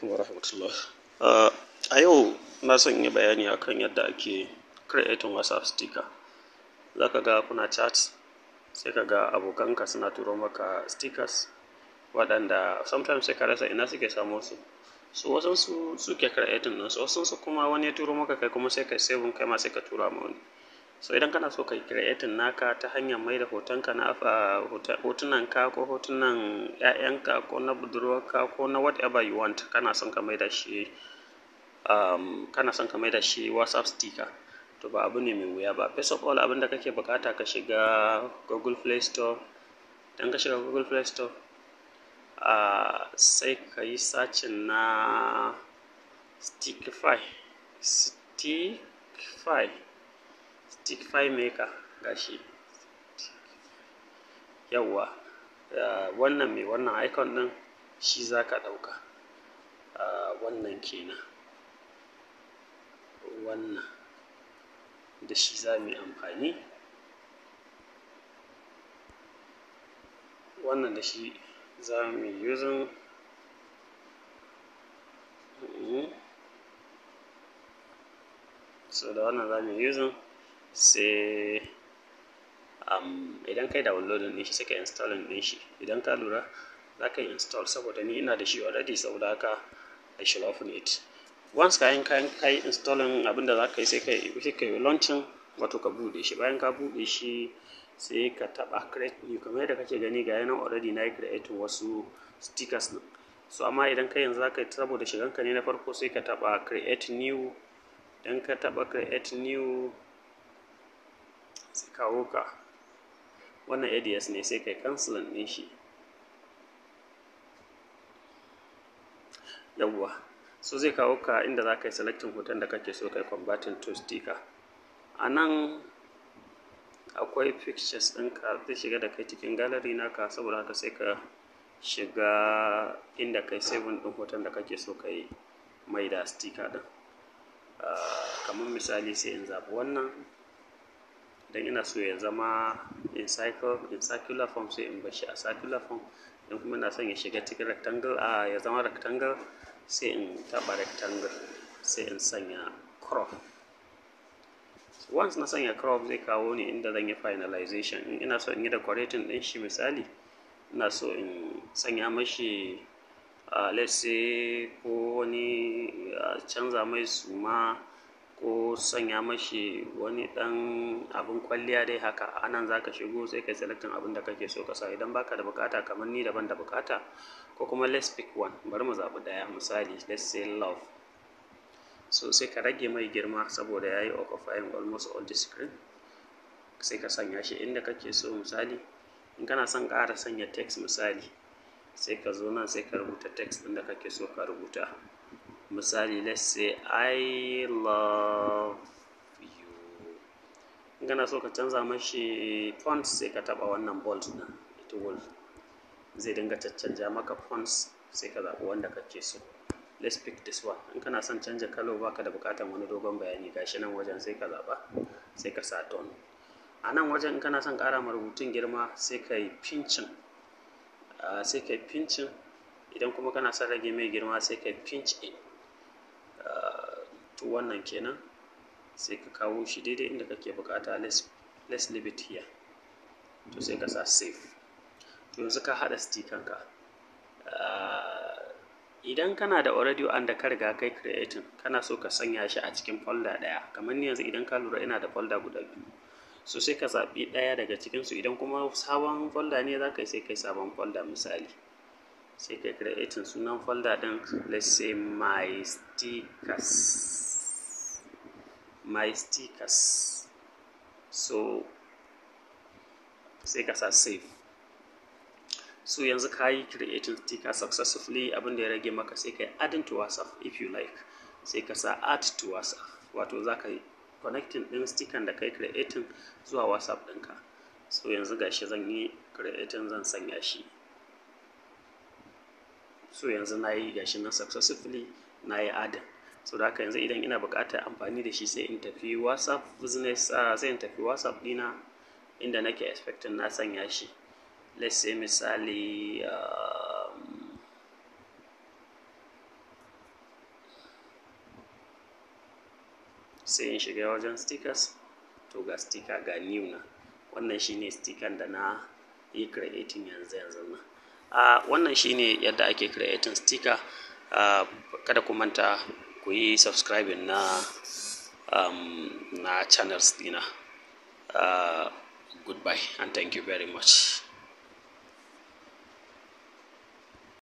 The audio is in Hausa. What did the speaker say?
Uh, a yau na son yi bayani akan yadda ake creating WhatsApp sticker. Za ka ga kuna chat, sai ka ga abokanka suna turo maka stickers waɗanda sometimes sai ka rasa ina suke samo su. So wasansu suke creating wasan su kuma wani ya turo maka kai kuma sai ka saving kai ma sai ka tura ma wani. so idan kana so kai creating naka ta hanyar mai da hotonka na ah, hotunanka ko hotunan 'ya'yanka ko na budurwarka ko na whatever you want kana son ka mai da shi um, kana son ka mai da shi whatsapp sticker to ba abu ne mai wuya ba first of all da kake bukata ka shiga google play store idan ka shiga google play store uh, sai ka yi sacin na stickify stickify stick file maker gashi yawwa wannan mai wannan icon ɗin shi za ka ɗauka wannan kenan wannan da shi za mu yi amfani wannan da shi za mu yi using mm-hmm. so da wannan za mu yi using sai um, idan kai downloading ɗin shi sai ka installing ɗin shi idan ka lura za ka install saboda ni ina da shi already saboda haka I should open it once kayan kayan kai installing abinda za ka yi sai ka yi launching wato ka buɗe shi bayan ka buɗe shi sai ka taɓa create new kamar yadda kake gani ga yanan already na yi create wasu stickers ɗin so amma idan ka yanzu za ka yi saboda shiganka ne na farko sai ka taɓa create new dan ka taɓa create new kawo ka wannan ads ne sai kai kansilan ne shi yawwa so zai kawo ka inda za ka yi selecting hoton da kake so kai converting to sticker a nan akwai pictures ka zai shiga da kai cikin gallery ka saboda haka sai ka shiga inda kai saving ɗin hoton da kake so ka mai da sticker ɗin ah, kamar misali sai in zaɓi wannan don ina so ya zama in circular form sai in shi a circular form don kuma ina son ya shiga cikin rectangle a ya zama rectangle sai in taɓa rectangle sai in sanya crop once na sanya crop zai kawo ni inda zan yi finalization in ina so in yi decorating din shi misali ina so in sanya mashi uh, let's say ko wani uh, canza mai suma ko sanya mashi wani ɗan abin kwalliya dai haka anan za ka shigo sai kai selectin abin da kake so ka sa idan baka da bukata kamar ni daban da bukata ko kuma let's pick one bari mu zaɓi ɗaya misali let's say love so sai ka rage mai girma saboda ya yi occupying almost all the screen sai ka sanya shi inda kake so misali in kana son ƙara sanya text misali sai ka zo nan sai ka rubuta text ɗin da kake so ka rubuta misali let's say I love you in kana so ka canza mashi font sai ka taba wannan bold na ita wolf zai dinga caccanja maka fonts sai ka zaɓi wanda kake so let's pick this one in kana son canja kalo baka da bukatan wani dogon bayani gashi nan wajen sai ka zaɓa sai ka sa tone a nan wajen in kana son ƙara ma rubutun girma sai ka yi pincin ah, sai ka yi idan kuma kana son rage mai girma sai ka yi pinch in to wannan kenan sai ka kawo shi daidai inda kake bukata let's leave it here to sai ka sa save to yanzu ka haɗa stikan ka ah, idan kana da already wanda ka riga kai creating kana so ka sanya shi a cikin folder ɗaya kamar ni yanzu idan ka lura ina da folder guda biyu so sai ka zaɓi ɗaya daga cikin su idan kuma sabon folder ne zaka yi sai kai sabon folder misali sai kai creating sunan folder ɗin let's say my stickers my stickers so sai ka sa so yanzu ka yi creating sticker successfully abinda ya rage maka sai ka yi adding to whatsapp if you like sai ka sa add to whatsapp wato za ka yi connecting ɗin sticker da kai creating zuwa whatsapp ɗinka so yanzu gashi zan yi creating zan sanya shi so yanzu na yi gashi nan successfully na yi adin so da haka yanzu idan ina buƙatar amfani da shi sai in tafi whatsapp business uh, sai in tafi whatsapp dina inda nake expecting na sanya shi let's say misali um, sai in shiga wajen stickers to ga sticker ga new na wannan shine sticker da na yi creating yanzu yanzu na? uh, ah, wannan shine yadda ake creating sticker uh, kada ku manta ku yi subscribing na um, na channels dina uh, goodbye and thank you very much